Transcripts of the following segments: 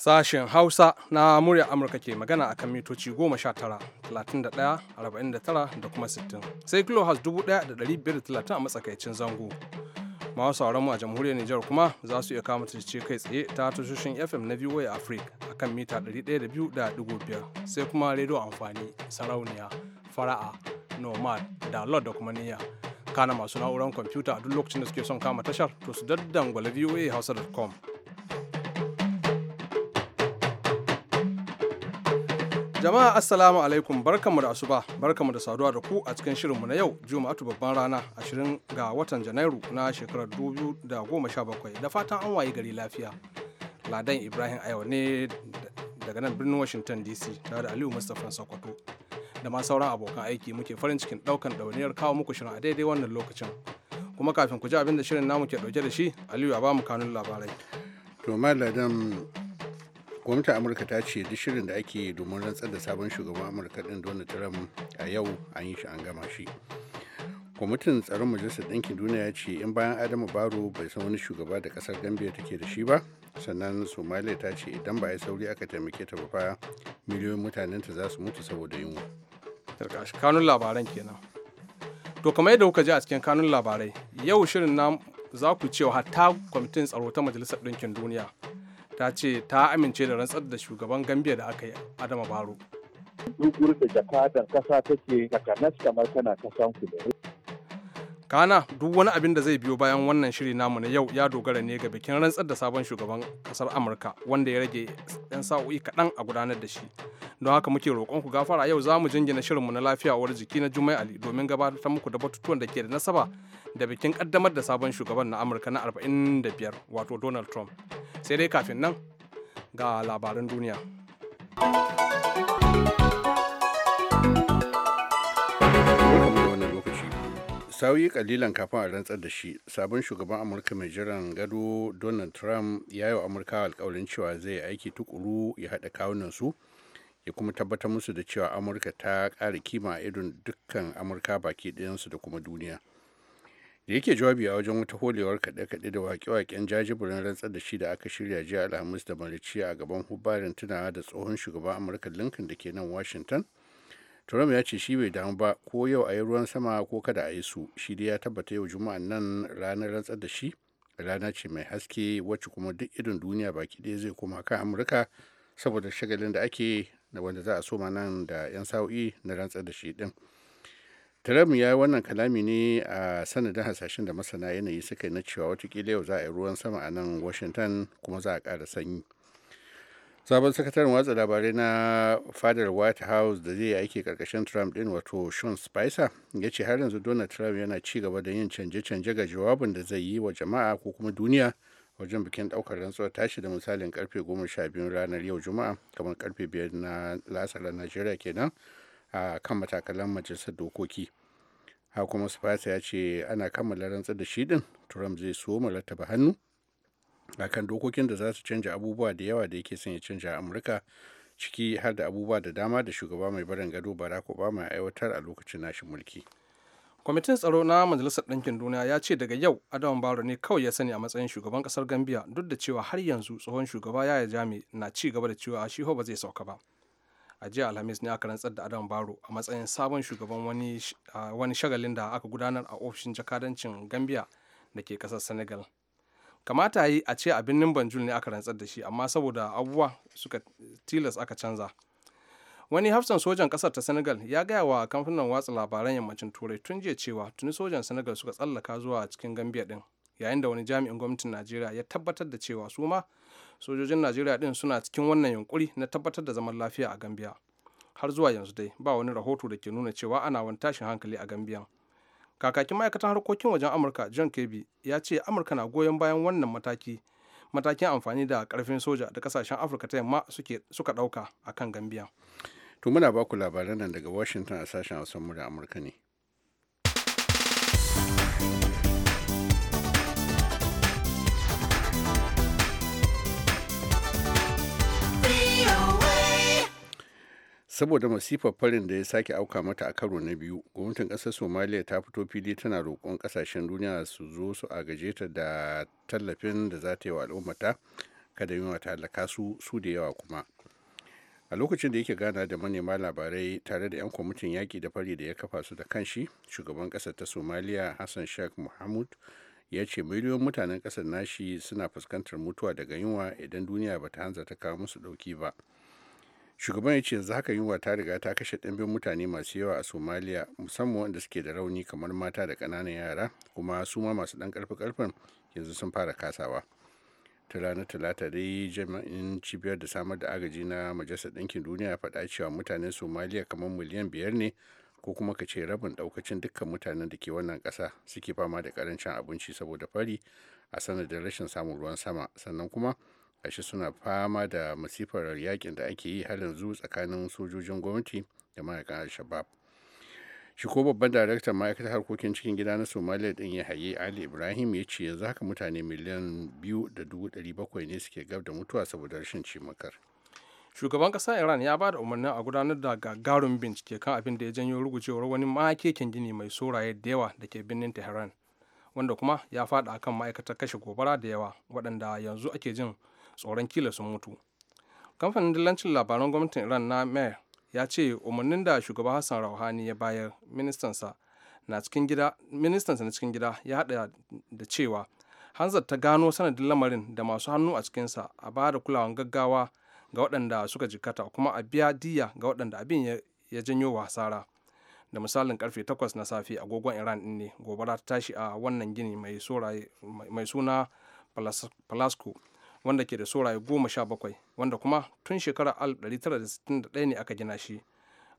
Sashen Hausa na murya Amurka ke magana a kan mitoci 19, 31, 49 da kuma 60. Sai kilohas 1,530 a matsakaicin zango. Masu sauran mu a jamhuriyar Nijar kuma za su iya kama tace kai tsaye ta tashoshin FM na VOA Africa a kan mita 102.5 sai kuma rediyo amfani sarauniya fara'a nomad da lord da kuma niyya kana masu na'urar kwamfuta a duk lokacin da suke son kama tashar to su daddangwala voa hausa.com Jama'a Assalamu alaikum barkanmu da asuba barkanmu da saduwa da ku a cikin shirinmu na yau Juma'atu babban rana 20 ga watan Janairu na shekarar 2017 da fatan an waye gari lafiya. Ladan Ibrahim Ayo ne daga nan birnin Washington DC tare da Aliyu Mustapha Sokoto da ma sauran abokan aiki muke farin cikin daukan ɗauniyar kawo muku shirin a daidai wannan lokacin. Kuma kafin ku ji abin da shirin namu ke ɗauke da shi, Aliyu ya ba mu kanun labarai. To Ladan gwamnatin amurka ta ce duk shirin da ake domin rantsar da sabon shugaban amurka din donald trump a yau an yi shi an gama shi kwamitin tsaron majalisar ɗinkin duniya ya ce in bayan adamu baro bai san wani shugaba da ƙasar gambia take da shi ba sannan somalia ta ce idan ba a yi sauri aka taimake ta ba miliyoyin mutanen ta za su mutu saboda yunwa kanun labaran kenan to kamar yadda kuka ji a cikin kanun labarai yau shirin na za ku cewa hatta kwamitin tsaro ta majalisar ɗinkin duniya ta ce ta amince da rantsar da shugaban gambia da aka yi adama baro duk da jakadar kasa take takanas kamar tana kasan ku kana duk wani abin da zai biyo bayan wannan shiri namu na yau ya dogara ne ga bikin rantsar da sabon shugaban kasar amurka wanda ya rage 'yan sa'o'i kaɗan a gudanar da shi don haka muke roƙon ku gafara yau za mu jingina shirinmu na lafiya uwar jiki na jumai ali domin gabatar muku da batutuwan da ke da nasaba da bikin ƙaddamar da sabon shugaban na amurka na 45 wato donald trump sai dai kafin nan ga labaran duniya. sauyi kalilan kafin a rantsar da shi sabon shugaban amurka mai jiran gado donald trump ya yi wa amurka alkawarin cewa zai aiki tukuru ya haɗa kawunan su ya kuma tabbatar musu da cewa amurka ta ƙara kima a idon dukkan amurka baki ɗayansu da kuma duniya da yake jawabi a wajen wata holewar kaɗe-kaɗe da waƙe-waƙen jajiburin rantsar da shi da aka shirya jiya alhamis da malici a gaban hubarin tunawa da tsohon shugaban amurka lincoln da ke nan washington trump ya ce shi bai damu ba ko yau a yi ruwan sama ko kada a yi su shi dai ya tabbata yau juma'a nan ranar rantsar da shi rana ce mai haske wacce kuma duk irin duniya baki ɗaya zai koma kan amurka saboda shagalin da ake na wanda za a soma nan da 'yan sa'o'i na rantsar da shi ɗin Trump ya yi wannan kalami ne a sanadin hasashen da masana yanayi suka yi na cewa watakila yau za a yi ruwan sama a nan Washington kuma za a kara sanyi. Sabon sakataren watsa labarai na fadar White House da zai aiki karkashin Trump din wato Sean Spicer ya ce har yanzu Donald Trump yana ci gaba da yin canje-canje ga jawabin da zai yi wa jama'a ko kuma duniya wajen bikin daukar rantsuwar tashi da misalin karfe 12 ranar yau Juma'a kamar karfe 5 na lasar Najeriya kenan. a kan matakalan majalisar dokoki ha kuma ya ce ana kammala rantsar da shi din trump zai so rattaba hannu akan dokokin da za su canja abubuwa da yawa da yake son ya canja a amurka ciki har da abubuwa da dama da shugaba mai barin gado barack obama ya aiwatar a lokacin nashi mulki kwamitin tsaro na majalisar ɗinkin duniya ya ce daga yau adam baro ne kawai ya sani a matsayin shugaban ƙasar gambia duk da cewa har yanzu tsohon shugaba yaya jami na ci gaba da cewa shi ba zai sauka ba a jiya alhamis ne aka rantsar da adam baro a matsayin sabon shugaban wani shagalin da aka gudanar a ofishin jakadancin gambia da ke kasar senegal kamata yi a ce a birnin banjul ne aka rantsar da shi amma saboda abubuwa suka tilas aka canza wani hafsan sojan kasar ta senegal ya gaya wa kamfanin watsa labaran yammacin turai tun jiya cewa tuni sojan senegal suka tsallaka zuwa cikin gambia din yayin da wani jami'in gwamnatin najeriya ya tabbatar da cewa su ma sojojin najeriya din suna cikin wannan yunkuri na tabbatar da zaman lafiya a gambiya har zuwa yanzu dai ba wani rahoto da ke nuna cewa ana wani tashin hankali a gambiyan kakakin ma'aikatan harkokin wajen amurka john kirby ya ce amurka na goyon bayan wannan mataki matakin amfani da karfin soja da kasashen afirka ta yamma suka dauka akan gambiya to muna baku labaran nan daga washington a sashen hausa murya amurka ne saboda masifar farin da ya sake auka mata a karo na biyu gwamnatin ƙasar somaliya ta fito fili tana roƙon ƙasashen duniya su zo su agaje ta da tallafin da za ta yi wa al'ummata kada yunwa ta halaka su su da yawa kuma a lokacin da yake gana da manema labarai tare da 'yan kwamitin yaƙi da fari da ya kafa su da kanshi shugaban ƙasar ta somaliya hassan sheikh muhammad ya ce miliyoyin mutanen ƙasar nashi suna fuskantar mutuwa daga yunwa idan duniya ba ta hanzarta kawo musu ɗauki ba shugaban ya ce yanzu haka yunwa ta riga ta kashe ɗimbin mutane masu yawa a somaliya musamman wanda suke da rauni kamar mata da ƙananan yara kuma su ma masu ɗan ƙarfi ƙarfen yanzu sun fara kasawa ta ranar talata dai jami'in cibiyar da samar da agaji na majalisar ɗinkin duniya faɗa cewa mutanen somaliya kamar miliyan biyar ne ko kuma ka ce rabin ɗaukacin dukkan mutanen da ke wannan ƙasa suke fama da ƙarancin abinci saboda fari a sanadin rashin samun ruwan sama sannan kuma ashe suna fama da masifar yakin da ake yi har yanzu tsakanin sojojin gwamnati da mayakan al-shabab shi ko babban daraktan ma'aikatar harkokin cikin gida na somaliya din ya haye ali ibrahim ya ce yanzu haka mutane miliyan biyu da dubu ɗari bakwai ne suke gab da mutuwa saboda rashin cimakar shugaban ƙasar iran ya ba da umarnin a gudanar da gagarumin bincike kan abin da ya janyo rugujewar wani makekin gini mai soraye da yawa da ke birnin tehran wanda kuma ya faɗa akan ma'aikatar kashe gobara da yawa waɗanda yanzu ake jin tsoron kila sun mutu kamfanin dillancin labaran gwamnatin iran na mer ya ce umarnin da shugaba hassan rauhani ya bayar ministansa na cikin gida na cikin gida ya hada da cewa hanzar ta gano sanadin lamarin da masu hannu a cikinsa a ba da kulawan gaggawa ga waɗanda suka jikata kuma a biya diya ga waɗanda abin ya janyo wa hasara da misalin karfe 8 na safe agogon iran ɗin ne gobara ta tashi a wannan gini mai suna palasco wanda ke da soraye goma sha bakwai wanda kuma tun shekarar 1961 ne aka gina shi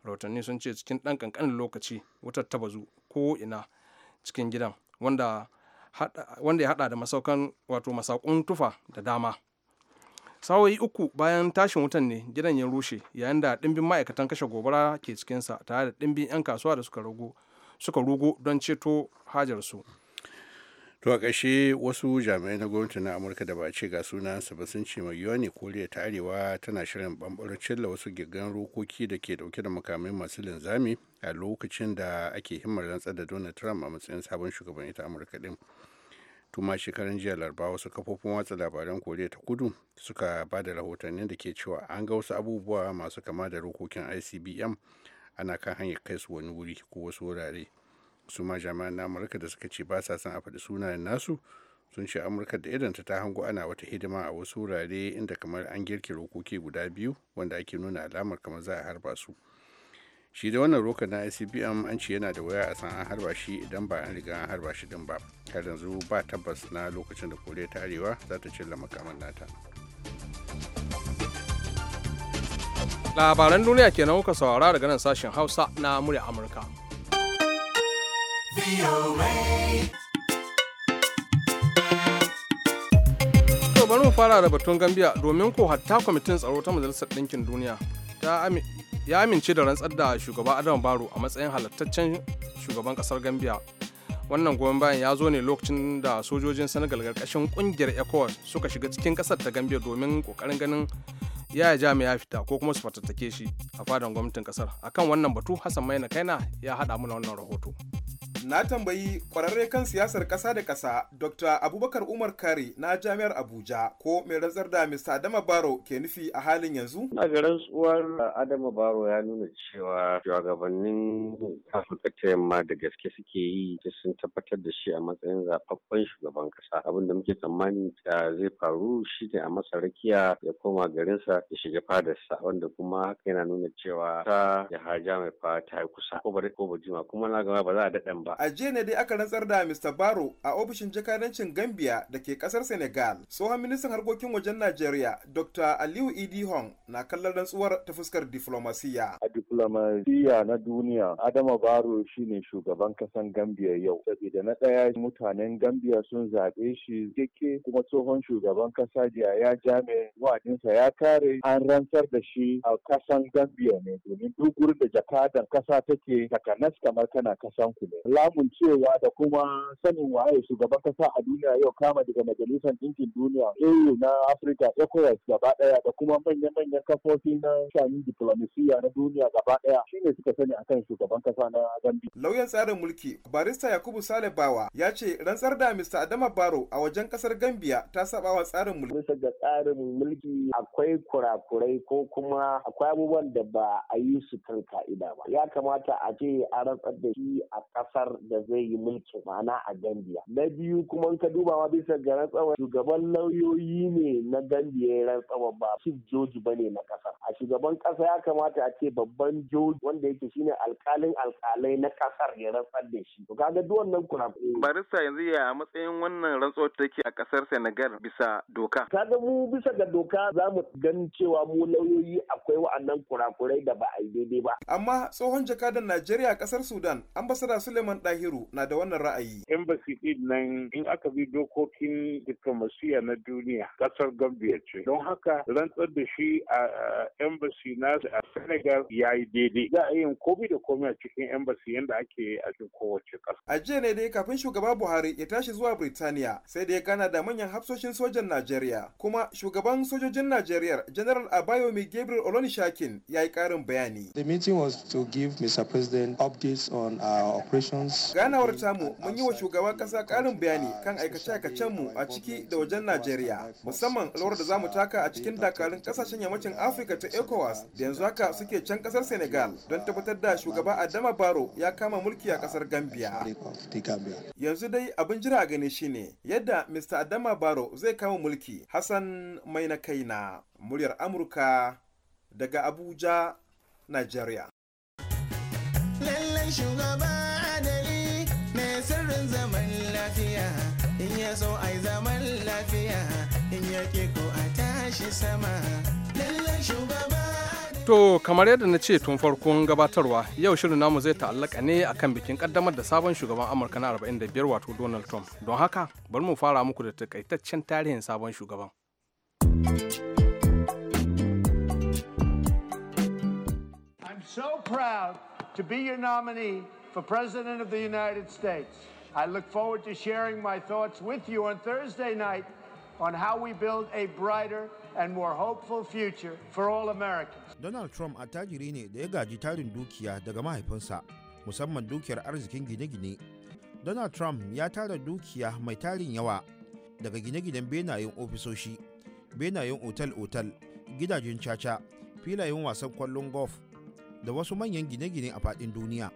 rahotanni sun ce cikin ɗan ƙanƙanin lokaci wutar ta bazu ko ina cikin gidan wanda ya haɗa da masaukan wato masakun tufa da dama sawoyi uku bayan tashin wutan ne gidan ya rushe yayin da ɗimbin ma'aikatan kashe gobara ke cikinsa tare da ɗimbin 'yan kasuwa da suka rugo don ceto hajarsu. su to a ƙashe wasu jami'ai na gwamnati na amurka da ba a ce ga sunansa ba sun ce mai yiwuwa ne koriya ta arewa tana shirin bambarar cilla wasu gigan rokoki da ke ɗauke da makamai masu linzami a lokacin da ake himmar rantsar da donald trump a matsayin sabon shugaban ita amurka ɗin tuma shekaran jiya laraba wasu kafofin watsa labaran koriya ta kudu suka ba da rahotannin da ke cewa an ga wasu abubuwa masu kama da rokokin icbm ana kan hanyar kai su wani wuri ko wasu wurare su ma jami'an na amurka da suka ce ba sa son a faɗi sunayen nasu sun ce amurka da idanta ta hango ana wata hidima a wasu wurare inda kamar an girke rokoki guda biyu wanda ake nuna alamar kamar za a harba su shi da wannan roka na icbm an ce yana da waya a san an harba shi idan ba an riga an harba shi din ba har yanzu ba tabbas na lokacin da koriya ta arewa za ta cilla makaman nata labaran duniya kenan kuka saurara daga nan sashen hausa na murya amurka To bari mu fara da batun Gambia domin ko hatta kwamitin tsaro ta Majalisar Ɗinkin Duniya ya amince da rantsar da shugaba Adam Baro a matsayin halattaccen shugaban ƙasar Gambia. Wannan goyon bayan ya zo ne lokacin da sojojin Senegal ƙarƙashin ƙungiyar ECOWAS suka shiga cikin ƙasar ta Gambia domin ƙoƙarin ganin ya jami'a jami ya fita ko kuma su fatattake shi a fadan gwamnatin ƙasar. Akan wannan batu Hassan Maina Kaina ya haɗa mana wannan rahoto. Na tambayi kwararre kan siyasar ƙasa da ƙasa Dr. Abubakar Umar Kari na Jami'ar Abuja ko mai rantsar da Mr. Adama Baro ke nufi a halin yanzu? Na ga rantsuwar Adama Baro ya nuna cewa shugabannin Afirka ta yamma da gaske suke yi sun tabbatar da shi a matsayin zaɓaɓɓen shugaban kasa. Abin da muke tsammani da zai faru shi ne a masarakiya ya koma garinsa ya shiga fadarsa wanda kuma haka yana nuna cewa ta ya haja mai fata ya kusa ko ba ko ba jima kuma na gama ba za a daɗan ba ba. A jiya ne dai aka rantsar da Mr. Baro a ofishin jakadancin Gambia da ke kasar Senegal. Tsohon ministan harkokin wajen Najeriya Dr. Aliyu Idi Hong na kallon rantsuwar ta fuskar diflomasiya. A diflomasiya na duniya Adama Baro shine shugaban kasan Gambia yau. Saboda na ɗaya mutanen Gambia sun zaɓe shi keke kuma tsohon shugaban kasa ya jame wa'adinsa ya kare an rantsar da shi a kasan Gambia ne domin duk da jakadan kasa take takanas kamar kana kasan ku samun cewa da kuma sanin waye shugaban kasa a duniya yau kama daga majalisar ɗinkin duniya au na afirka ecowas gaba ɗaya da kuma manya-manyan kafofi na shanin diplomasiya na duniya gaba ɗaya shine suka sani akan shugaban kasa na gambi lauyan tsarin mulki barista yakubu sale bawa ya ce rantsar da mr adama baro a wajen kasar gambia ta saba wa tsarin mulki bisa ga tsarin mulki akwai kurakurai ko kuma akwai abubuwan da ba a yi su kan ka'ida ba ya kamata a ce a rantsar da shi a kasar da zai yi mulki ma'ana a Gambia. Na biyu kuma ka dubawa bisa ga rantsawa shugaban lauyoyi ne na Gambia ya rantsawa ba chief joji ba ne na kasa A shugaban kasa ya kamata a ce babban joji wanda yake shine alkalin alkalai na kasar ya rantsar da shi. To kaga duk wannan kurakuri. Barista yanzu ya a matsayin wannan rantsuwar take a kasar Senegal bisa doka. Kaga mu bisa ga doka za mu ganin cewa mu lauyoyi akwai wa'annan kurakurai da ba a yi daidai ba. Amma tsohon jakadan Najeriya a kasar Sudan, ambasada Suleiman Dahiru na da wannan ra'ayi. Embassy din nan in aka bi dokokin diplomasiya na duniya kasar Gambia ce. Don haka rantsar da shi a embassy na a Senegal ya yi daidai. Za a yin komi da komi a cikin embassy yadda ake a cikin kowace ƙasa. A jiya ne dai kafin shugaba Buhari ya tashi zuwa Birtaniya sai da ya gana da manyan hafsoshin sojan Najeriya. Kuma shugaban sojojin Najeriya General Abayomi Gabriel Olonishakin ya yi ƙarin bayani. The meeting was to give Mr. President updates on our operations ganawar tamu mun yi wa shugaban kasa karin bayani kan aikace-aikacen mu a ciki da wajen najeriya musamman alwar da zamu taka a cikin dakarun kasashen yammacin afirka ta ecowas da yanzu haka suke can kasar senegal don tabbatar da shugaba adama Barrow ya kama mulki a kasar gambia yanzu dai abin jira a gani shine yadda mr adama Barrow zai kama mulki hassan mai na kaina muryar amurka daga abuja Najeriya. shugaba To kamar yadda na ce tun farkon gabatarwa yau shirin namu zai ta'allaka ne akan bikin kaddamar da sabon shugaban Amurka na 45 wato Donald Trump. Don haka bari mu fara muku da takaitaccen tarihin sabon shugaban. I'm so proud to be your nominee for President of the United States. I look forward to sharing my thoughts with you on Thursday night on how we build a brighter and more hopeful future for all Americans. Donald Trump attajiri ne da ya gaji tarin dukiya daga mahaifinsa, musamman dukiyar arzikin gine-gine. Donald Trump ya tara dukiya mai tarin yawa daga gine-ginen benayen ofisoshi, benayen otal-otal, gidajen caca, filayen wasan kwallon golf da wasu manyan gine-gine a faɗin duniya.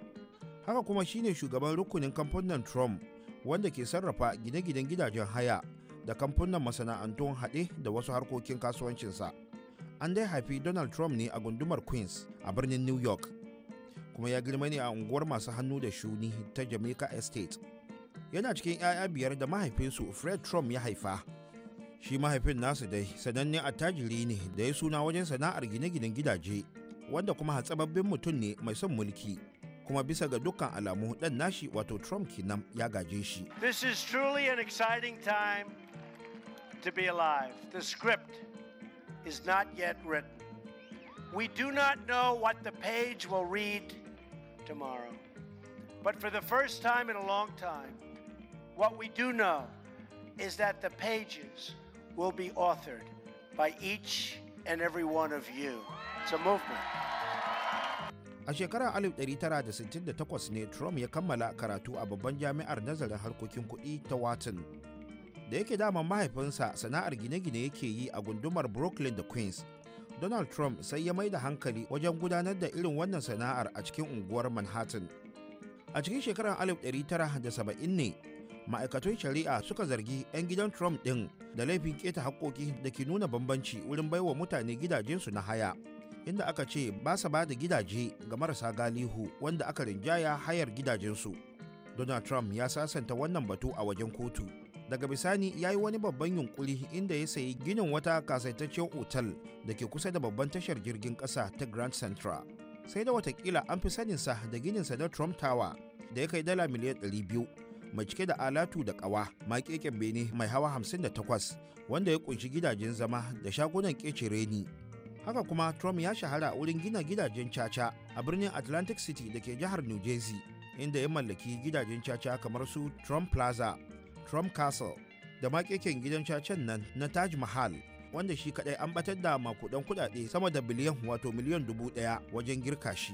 Haka kuma shine shugaban rukunin kamfanin Trump wanda ke sarrafa gine-ginen gidajen haya da kamfunan masana'antun haɗe da wasu harkokin kasuwancinsa an dai haifi donald trump ne a gundumar queens a birnin new york kuma ya girma ne a unguwar masu hannu da shuni ta jamaica estate yana cikin 'ya'ya biyar da mahaifinsu fred trump ya haifa shi mahaifin nasu dai sanannen attajiri ne da ya suna wajen sana'ar gine-ginen gidaje wanda kuma hatsababbin mutum ne mai son mulki kuma bisa ga dukkan alamu dan nashi wato trump kinan ya gaje shi this is truly an to be alive. The script is not yet written. We do not know what the page will read tomorrow. But for the first time in a long time, what we do know is that the pages will be authored by each and every one of you. It's a movement. A shekarar 1968 ne Trump ya kammala karatu a babban jami'ar nazarin harkokin kuɗi ta Wharton da yake dama mahaifinsa sana'ar gine-gine yake yi a gundumar brooklyn da queens donald trump sai ya mai da hankali wajen gudanar da irin wannan sana'ar a cikin unguwar manhattan a cikin shekarar 1970 ne ma'aikatun shari'a suka zargi 'yan gidan trump ɗin da laifin keta haƙoƙi da ke nuna bambanci wurin baiwa mutane gidajensu na haya inda aka ce ba sa ba da gidaje ga marasa galihu wanda aka rinjaya hayar gidajensu donald trump ya sasanta wannan batu a wajen kotu daga bisani ya yi wani babban yunkuri inda ya sayi ginin wata kasaitaccen otal da ke kusa da babban tashar jirgin kasa ta grand central sai da watakila an fi saninsa da gininsa na trump tower da ya kai dala miliyan 200 mai cike da alatu da ƙawa maƙeƙen bene mai hawa 58 wanda ya kunshi gidajen zama da shagunan kece reni haka kuma trump ya shahara wurin gina gidajen caca a birnin atlantic city da ke jihar new jersey inda ya mallaki gidajen caca kamar su trump plaza trump castle da makeken gidan cacen nan na taj mahal wanda shi kadai an batar da makudan kudade sama da biliyan wato miliyan dubu daya wajen girka shi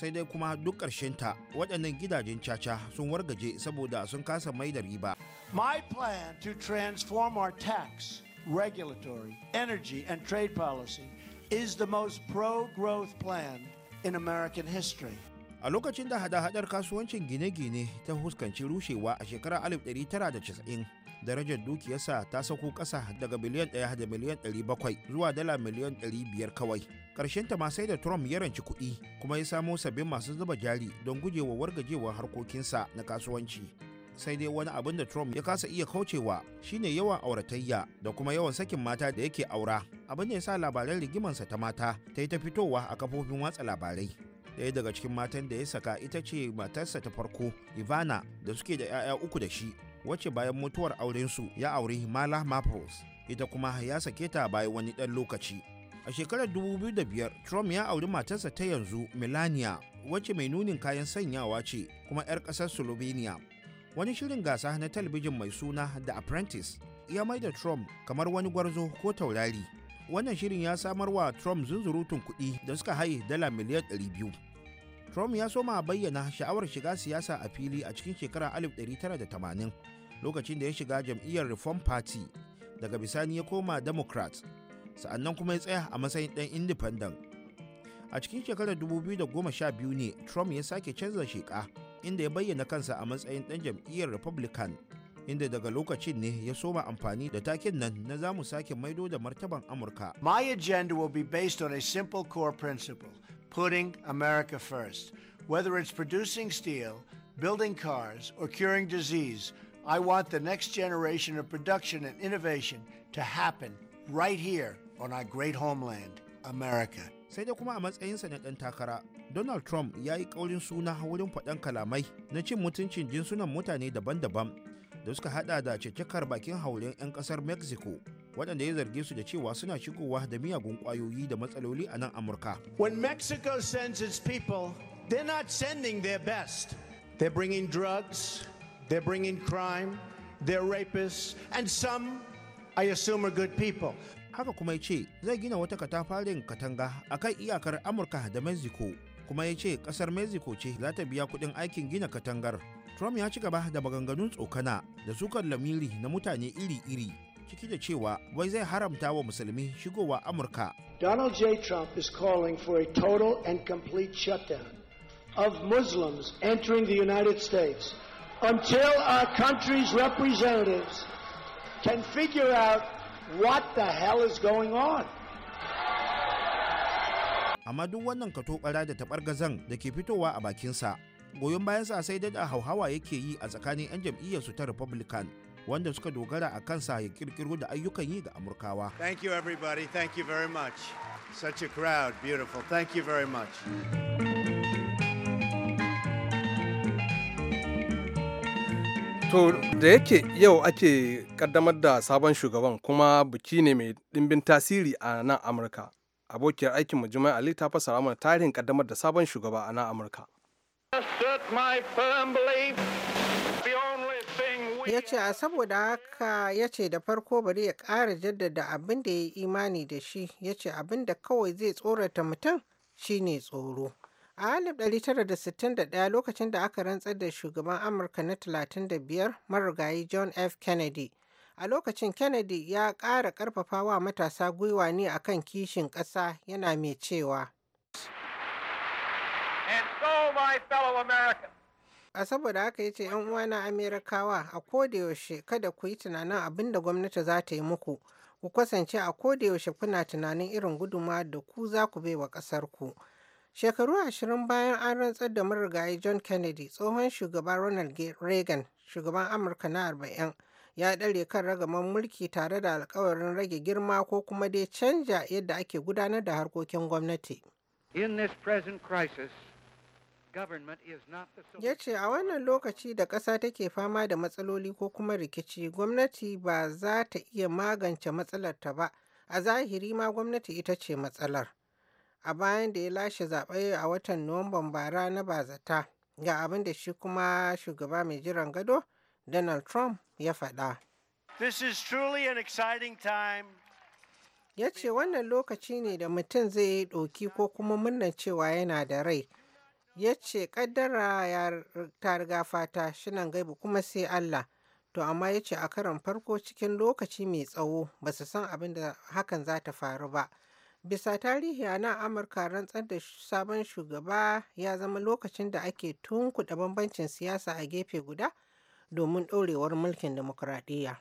sai dai kuma duk ta waɗannan gidajen caca sun wargaje saboda sun kasa mai da riba. My plan to transform our tax, regulatory, energy and trade policy is the most pro-growth plan in American history. a lokacin da hada-hadar kasuwancin gine-gine ta huskanci rushewa a shekarar 1990 darajar dukiyarsa ta sauko ƙasa daga miliyan 1 da miliyan 700 zuwa dala miliyan 500 kawai karshen ta ma sai da trump ya ranci kuɗi kuma ya samo sabbin masu zuba jari don gujewa wargajewar harkokinsa na kasuwanci sai dai wani abin da trump ya kasa iya kaucewa shine yawan auratayya da kuma yawan sakin mata da yake aura abin da ya sa labaran rigimansa ta mata ta yi ta fitowa a kafofin watsa labarai ɗaya daga cikin matan da ya saka ita ce matarsa ta farko ivana da suke da 'ya'ya uku da shi wacce bayan mutuwar aurensu ya auri himala maples ita kuma ya sake ta bayan wani ɗan lokaci a shekarar 2005 trump ya auri matarsa ta yanzu melania wacce mai nunin kayan sanyawa ce kuma 'yar ƙasar slovenia wani shirin gasa na talabijin mai suna the apprentice ya mai da trump kamar wani gwarzo ko taurari wannan shirin ya samar wa trump zunzurutun kuɗi da suka haye dala miliyan 200 trump ya soma bayyana sha'awar shiga siyasa a fili a cikin shekara 1980 lokacin da ya shiga jam'iyyar reform party daga bisani ya koma democrat sa'annan kuma ya tsaya a matsayin ɗan independent a cikin shekarar 2012 ne trump ya sake canza sheka inda ya bayyana kansa a matsayin ɗan jam'iyyar republican inda daga lokacin ne ya soma amfani da takin nan na zamu sake maido da martaban Amurka. My agenda will be based on a simple core principle, putting America first. Whether it's producing steel, building cars, or curing disease, I want the next generation of production and innovation to happen right here on our great homeland, America. sai da kuma a matsayinsa na ɗan takara donald trump ya yi ƙaurin suna wurin faɗan kalamai na cin mutuncin jinsunan mutane daban-daban da suka hada da cikakkar bakin haulen 'yan kasar mexico waɗanda ya zarge su da cewa suna shigowa da miyagun ƙwayoyi da matsaloli a nan amurka when mexico sends its people they're not sending their best they're bringing drugs they're bringing crime they're rapists and some i assume are good people haka kuma ya ce zai gina wata katafaren katanga a kan iyakar amurka da mexico kuma ya ce ƙasar mexico ce za ta biya kuɗin aikin gina katangar Trump ya ci gaba da maganganun tsokana da sukar lamiri na mutane iri-iri ciki da cewa wai zai haramta wa musulmi shigowa Amurka. Donald J. Trump is calling for a total and complete shutdown of Muslims entering the United States until our country's representatives can figure out what the hell is going on. Amma duk wannan katobara da taɓargazan da ke fitowa a bakinsa goyon bayan sa sai da hauhawa yake yi a tsakanin 'yan jam'iyyarsu ta republican wanda suka dogara a kansa ya kirkiro da ayyukan yi ga amurkawa thank you everybody thank you very much such a crowd beautiful thank you very much To da yake yau ake kaddamar da sabon shugaban kuma biki ne mai dimbin tasiri a nan Amurka. Abokiyar aikinmu Juma'a Ali ta fassara mana tarihin kaddamar da sabon shugaba a nan Amurka. ya ce a saboda haka ya ce da farko bari ya ƙara jaddada abin da ya yi imani da shi ya ce abin da kawai zai tsorata mutum shine tsoro a 1961 lokacin da aka rantsar da shugaban amurka na 35 marigayi john f kennedy a lokacin kennedy ya ƙara ƙarfafa wa matasa gwiwa ne akan kishin ƙasa yana mai cewa A saboda haka ya ce ‘yan uwana Amerikawa a kodayaushe kada ku yi tunanin abin da gwamnati za ta yi muku, ku kasance a kodayaushe kuna tunanin irin guduma da ku za ku bai wa ƙasarku. Shekaru ashirin bayan an rantsar da marigayi John Kennedy, tsohon shugaban Ronald Reagan, shugaban Amurka na arba'in, ya ɗare kan ragaman mulki tare da alkawarin rage girma ko kuma dai canja yadda ake gudanar da harkokin gwamnati. In this present ya ce a wannan lokaci da ƙasa take fama da matsaloli ko kuma rikici gwamnati ba za ta iya magance matsalar ta ba a zahiri ma gwamnati ita ce matsalar a bayan da ya lashe zaɓe a watan nuwamban bara na bazata ga abin da shi kuma shugaba mai jiran gado donald trump ya faɗa ya ce wannan lokaci ne da mutum zai ɗoki ko kuma murnan cewa yana da rai ya ce kaddara ta riga fata shinan gaibu kuma sai Allah to amma ya ce a karon farko cikin lokaci mai tsawo ba su san abin da hakan za ta faru ba bisa tarihi a nan amurka rantsar da sabon shugaba ya zama lokacin da ake tunkuɗa bambancin siyasa a gefe guda domin ɗorewar mulkin demokuraɗiyya.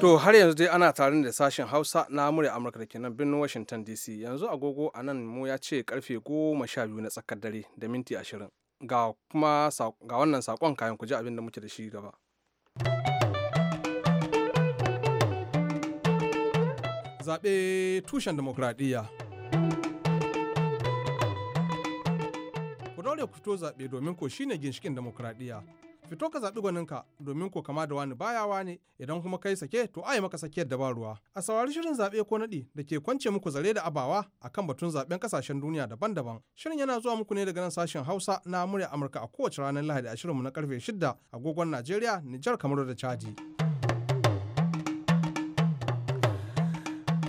To har yanzu dai ana tare da sashen Hausa na murya Amurka da kenan birnin Washington DC. Yanzu agogo a nan mu ya ce karfe goma sha biyu na tsakar dare da minti ashirin. Ga kuma ga wannan sakon kayan ku ji abin da muke da shi gaba. Zaɓe tushen demokradiyya. Ku daure ku fito zaɓe domin ko shine ginshikin demokradiyya. fito ka zaɓi ka domin ko kama da wani baya wane idan kuma kai sake to ai maka sakiyar da ba ruwa a saurari shirin zaɓe ko naɗi da ke kwance muku zare da abawa akan batun zaɓen ƙasashen duniya daban-daban shirin yana zuwa muku ne daga nan sashen hausa na murya amurka a kowace ranar lahadi a shirinmu na karfe shida agogon najeriya nijar kamaru da chadi.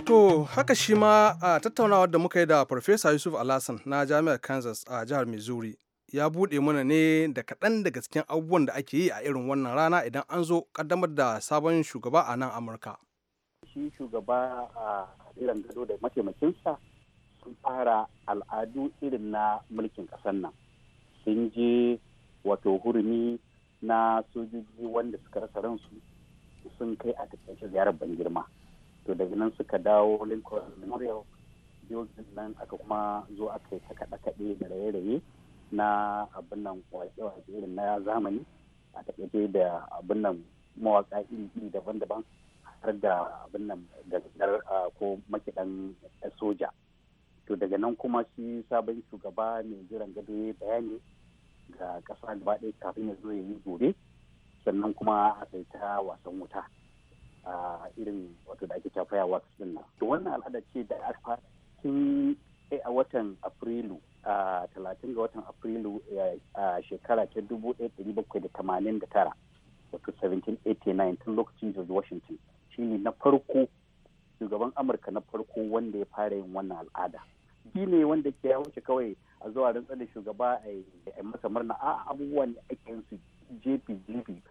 To haka shi ma a tattaunawar da muka yi da Farfesa Yusuf Alasan na Jami'ar Kansas a jihar Missouri ya buɗe mana ne da kaɗan da cikin abubuwan da ake yi a irin wannan rana idan an zo ƙaddamar da sabon shugaba a nan Amurka. Shi shugaba a irin gado da mataimakinsa sun fara al'adu irin na mulkin ƙasar nan. Sun je wato hurumi na sojoji wanda suka rasa ransu sun kai a tafiyar ziyarar ban girma. To daga nan suka dawo Lincoln Memorial, biyu nan aka kuma zo aka yi kaɗe-kaɗe da raye-raye. na abin nan wake-wake irin na zamani a takaice da abin nan mawaka iri daban-daban har da abin nan gangar ko makiɗan soja to daga nan kuma shi sabon shugaba mai jiran gado ya bayani ga ƙasa gaba ɗaya kafin ya zo ya yi gobe sannan kuma a sai ta wasan wuta a irin wato da ake tafaya wasu din to wannan al'ada ce da aka tun eh, a watan afrilu talatin ga watan afrilu eh, a shekara ta tara wato 1789 tun lokacin george washington shine na farko shugaban amurka na farko wanda ya fara yin wannan al'ada shi ne wanda ke ya wuce kawai a zuwa rantsar da shugaba a masa murna a abubuwan da ake yin su jefi jefi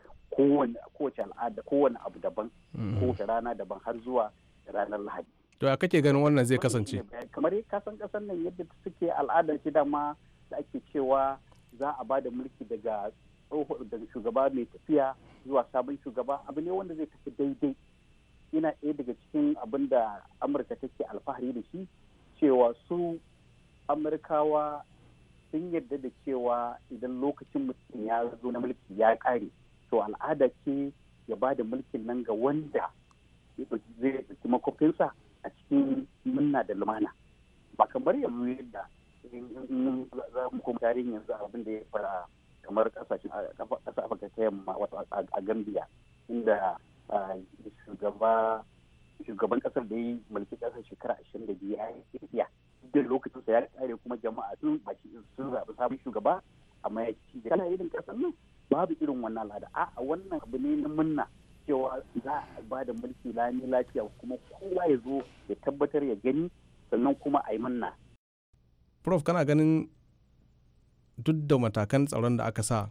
kowace al'ada kowane abu daban mm. kowace rana daban har zuwa ranar lahadi to ya kake ganin wannan zai kasance kamar kasan kasan nan yadda suke al'adar shi dama da ake cewa za a ba da mulki daga daga shugaba mai tafiya zuwa sabon shugaba abu ne wanda zai tafi daidai yana ɗaya daga cikin abin da amurka take alfahari da shi cewa su amurkawa sun yarda da cewa idan lokacin mutum ya zo na mulki ya ƙare to al'ada ce ya ba da mulkin nan ga wanda zai ɗauki makwafinsa a cikin munna da lumana ba kamar yanzu yadda za mu kuma tarihin yanzu abin da ya fara kamar kasashen kasa afirka ta yamma wato a gambia inda shugaba shugaban kasar da ya mulki kasar shekara ashirin da biyu ya yi tafiya duk lokacin sa ya kare kuma jama'a sun baki sun zaɓi sabon shugaba amma ya ci da irin kasar nan babu irin wannan al'ada a wannan abu ne na munna cewa za a ba da mulki lani lafiya kuma kowa ya zo ya tabbatar ya gani sannan kuma a yi manna. prof kana ganin duk da matakan tsaron da aka sa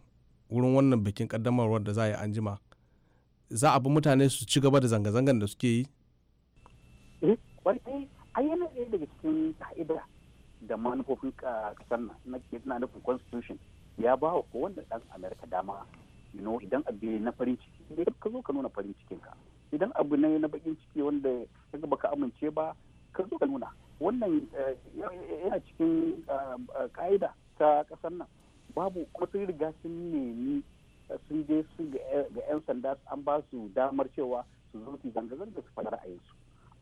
wurin wannan bikin kaddamarwar da za a yi anjima za a bi mutane su ci gaba da zanga-zangan da suke yi? Eh, wani ai yana ɗaya daga cikin ka'ida da manufofin kasar na nufin constitution ya ba wa kowanne ɗan amerika dama idan idan abu na farin ciki ka zo ka nuna farin cikin ka idan abu ne na bakin ciki wanda kaga baka amince ba ka zo ka nuna wannan eh, yana cikin eh, eh, ka'ida ta kasar nan babu kuma sun riga sun nemi sun je su ga 'yan sanda an ba su damar cewa su zo su zanga-zanga su faɗi ra'ayinsu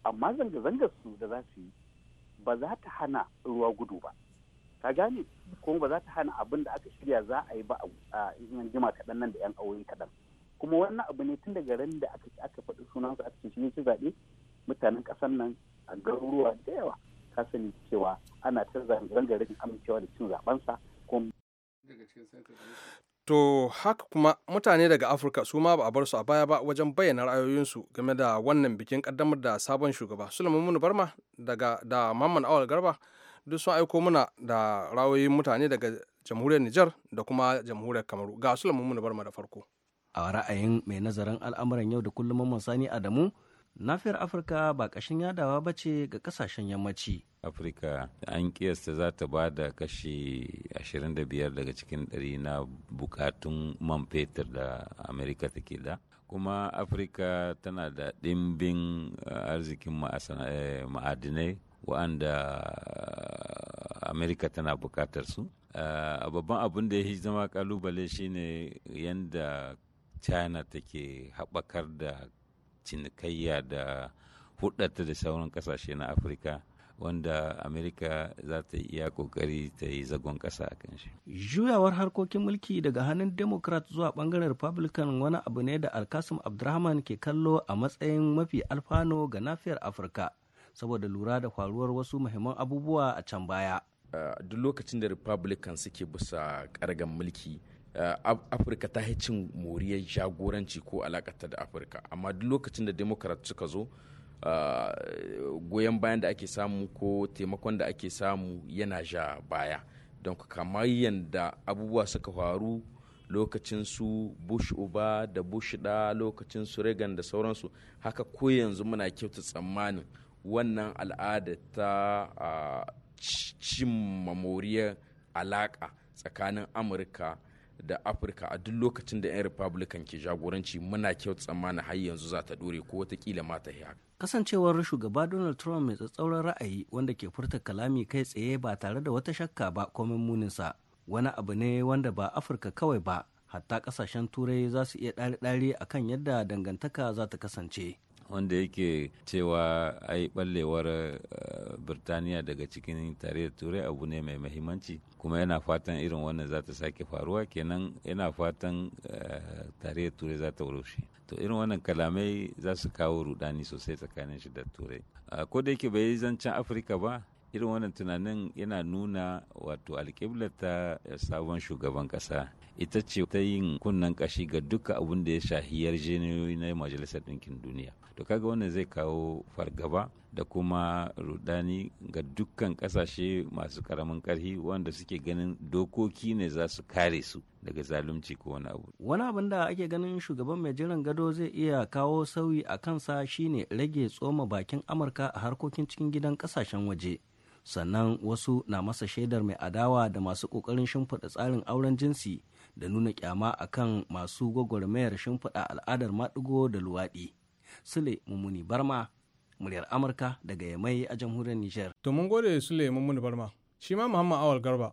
amma zanga-zangar su da za su yi ba za ta hana ruwa gudu ba ka gane kuma ba za ta hana abin da aka shirya za a yi ba a jima kaɗan nan da 'yan aure kaɗan kuma wannan abu ne tun daga ran da aka aka faɗi sunan su a cikin shi zabe zaɓe mutanen ƙasar nan a garuruwa da yawa ka sani cewa ana ta zanga rin amincewa da cin zaɓensa ko To haka kuma mutane daga Afirka su ma ba a bar su a baya ba wajen bayyana ra'ayoyinsu game da wannan bikin kaddamar da sabon shugaba. Sulaiman Munu Barma daga da Mamman Awal Garba duk sun aiko muna da ra'ayoyin mutane daga jamhuriyar Nijar da kuma jamhuriyar Kamaru. Ga Sulaiman Munu Barma da farko. a ra'ayin mai nazarin al'amuran yau da kullum Sani Adamu nafiyar afirka ba kashin yadawa ba ce ga kasashen yammaci afirka an kiyasta za ta ba da kashi 25 daga cikin 100 na bukatun man fetur da amerika take da kuma afirka tana da ɗimbin arzikin eh, ma'adinai wa'anda amerika tana bukatar su eh, a babban abin da ya zama kalubale shine yadda china take haɓakar da cinikayya da hudata da sauran kasashe na afirka wanda amerika za ta iya kokari ta yi zagon ƙasa a kan shi juyawar harkokin mulki daga hannun democrat zuwa bangaren republican wani abu ne da alkasim abdurrahman ke kallo a matsayin mafi alfano ga nafiyar afirka saboda lura da faruwar wasu muhimman abubuwa a can baya duk lokacin da republican suke bisa ƙargan mulki Eh, afirka ta yi cin moriyar jagoranci ko alakata da afirka amma duk lokacin da democrat suka zo eh, goyon bayan da ake samu ko taimakon da ake samu yana ja baya don kamar yadda abubuwa suka faru lokacin su bush uba da bush da lokacin su reagan da sauransu haka ko yanzu muna kyauta tsammanin wannan al'ada ta ah, cimma moriyar alaƙa tsakanin amurka da afirka a duk lokacin da 'yan republican ke jagoranci muna kyau tsammanin har yanzu za ta dore ko watakila ma ta haka kasancewar shugaba donald trump mai tsatsauran ra'ayi wanda ke furta kalami kai tsaye ba tare da wata shakka ba ko muninsa wani abu ne wanda ba afirka kawai ba hatta kasashen turai za su iya ɗari-ɗari kan yadda dangantaka za ta kasance wanda yake cewa a yi ɓallewar eh, birtaniya daga cikin tarayyar turai abu ne mai mahimmanci kuma yana fatan irin wannan za ta sake faruwa kenan yana fatan eh, tarayyar turai za ta rushe to irin wannan kalamai za su kawo rudani sosai tsakanin shi da turai ko da yake bai yi zancen afirka ba irin wannan tunanin yana nuna wato alƙiblar ta eh, sabon shugaban ƙasa ita ce ta yin kunnan kashi ga duka abin da ya shahi yarjejeniyoyi na majalisar ɗinkin duniya to kaga wannan zai kawo fargaba da kuma rudani ga dukkan ƙasashe masu karamin ƙarfi wanda suke ganin dokoki ne za su kare su daga zalunci ko wani abu wani abin da ake ganin shugaban mai jiran gado zai iya kawo sauyi a kansa shine rage tsoma bakin amurka a harkokin cikin gidan ƙasashen waje sannan wasu na masa shaidar mai adawa da masu ƙoƙarin shimfiɗa tsarin auren jinsi da nuna kyama kan masu gwagwarmayar shimfiɗa al'adar maɗigo da luwaɗi. Sule Mummuni Barma, muryar Amurka daga Yamai a jamhuriyar Nijar. To mun gode Sule Mummuni Barma, shi ma Muhammad Awal Garba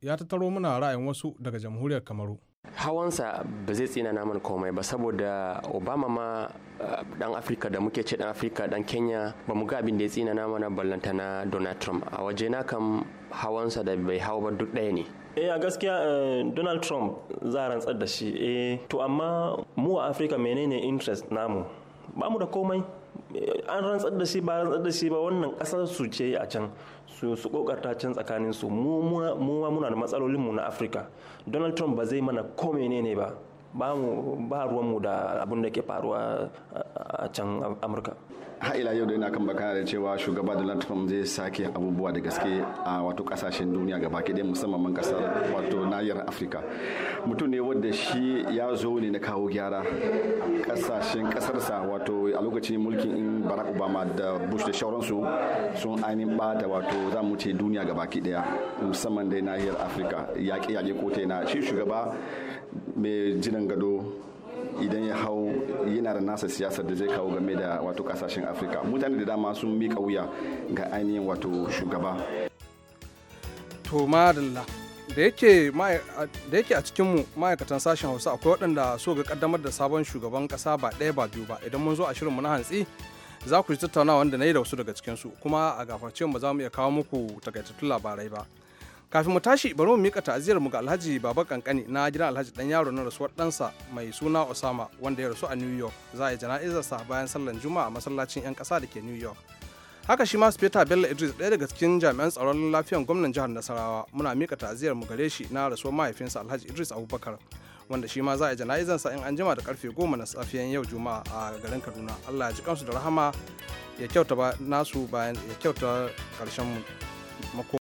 ya tattaro muna ra'ayin wasu daga jamhuriyar Kamaru. hawansa ba zai tsina naman komai ba saboda obama ma dan eh, afirka da muke ce dan afirka dan kenya ba mu ga abin da ya tsina na mana ballanta na donald trump a waje na kan hawansa da bai hau ba duk ɗaya ne eh a gaskiya eh, donald trump za a rantsar da shi eh to amma mu a afirka menene interest namu ba mu da komai an rantsar da shi ba rantsar da shi ba wannan kasar su ce a can su su kokarta can tsakanin su mu muna da matsalolin mu na Afirka Donald Trump ba zai mana ko ne ba ba mu ba ruwanmu da abin da ke faruwa a can amurka har ila yau da yana kan bakana da cewa shugaba donald trump zai sake abubuwa da gaske a wato kasashen duniya gaba ɗaya musamman kasar wato nahiyar afirka mutum ne wanda shi ya zo ne na kawo gyara kasashen kasarsa wato a lokacin mulkin in barack obama da bush da shauransu sun ainihin bata wato za mu ce duniya gaba ɗaya musamman dai nahiyar afirka yaƙe-yaƙe ko ta shi shugaba mai jiran gado idan ya hau yana da nasa siyasar da zai kawo game da wato kasashen afirka mutane da dama sun mika wuya ga ainihin wato shugaba to madalla da yake a cikinmu ma'aikatan sashen hausa akwai waɗanda so ga kaddamar da sabon shugaban ƙasa ba ɗaya ba biyu ba idan mun zo a shirinmu na hantsi za ku ji tattaunawa wanda na yi da wasu daga cikinsu kuma a gafarce ba za mu iya kawo muku takaitattun labarai ba kafin mu tashi bari mu mika ta'aziyar mu ga Alhaji Baba Kankani na gidan Alhaji dan yaro na rasuwar ɗansa mai suna Osama wanda ya rasu a New York za a yi jana'izar sa bayan sallan Juma'a a masallacin 'yan ƙasa da ke New York haka shi ma su Peter Bello Idris ɗaya daga cikin jami'an tsaron lafiyan gwamnan jihar Nasarawa muna mika ta'aziyar mu gare shi na rasuwar mahaifinsa Alhaji Idris Abubakar wanda shi ma za a yi jana'izar sa in an jima da karfe 10 na safiyan yau Juma'a a garin Kaduna Allah ya ji kansu da rahama ya kyauta nasu bayan ya kyauta karshen mu